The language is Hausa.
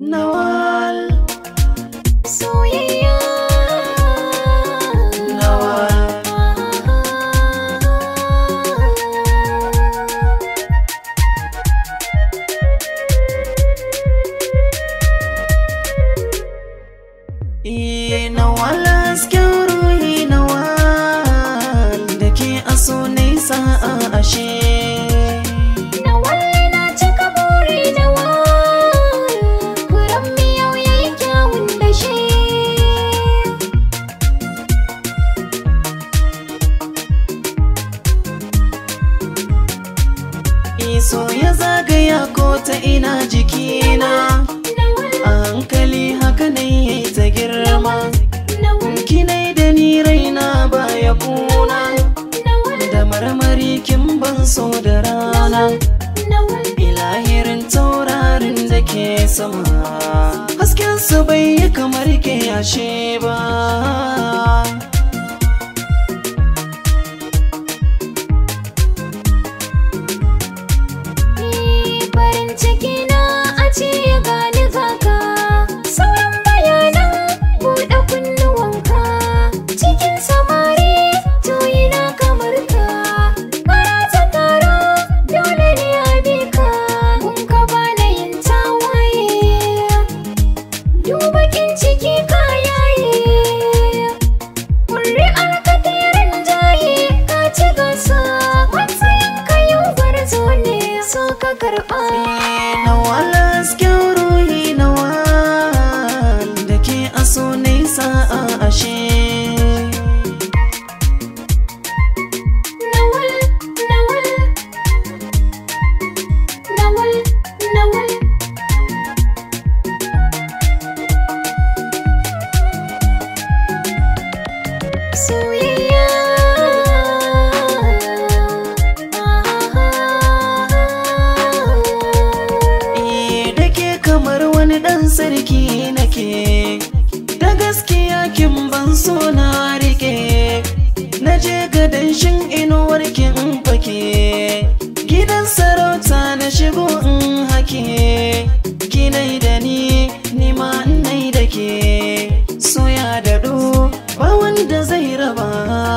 Nawal Soyayya Nawal Iye Nawal hasken ruhi Nawal da ke aso nesa a ashe so ya zagaya ko ta ina jikina a hankali haka ne yayi ta girma kinai da ni raina ya kuna da marmari kin ban so da rana ilahirin taurarin da ke sama hasken su bai yi kamar ke yashe ba karɓa nawa lasken ruhi nawa da ke aso nesa a ashe ciki nake da gaskiya kin ban so na rike na je ga danshin inuwar kin fake gidan sarauta na shigo in hake kinai da ni nima nai da ke soya da do ba wanda zai raba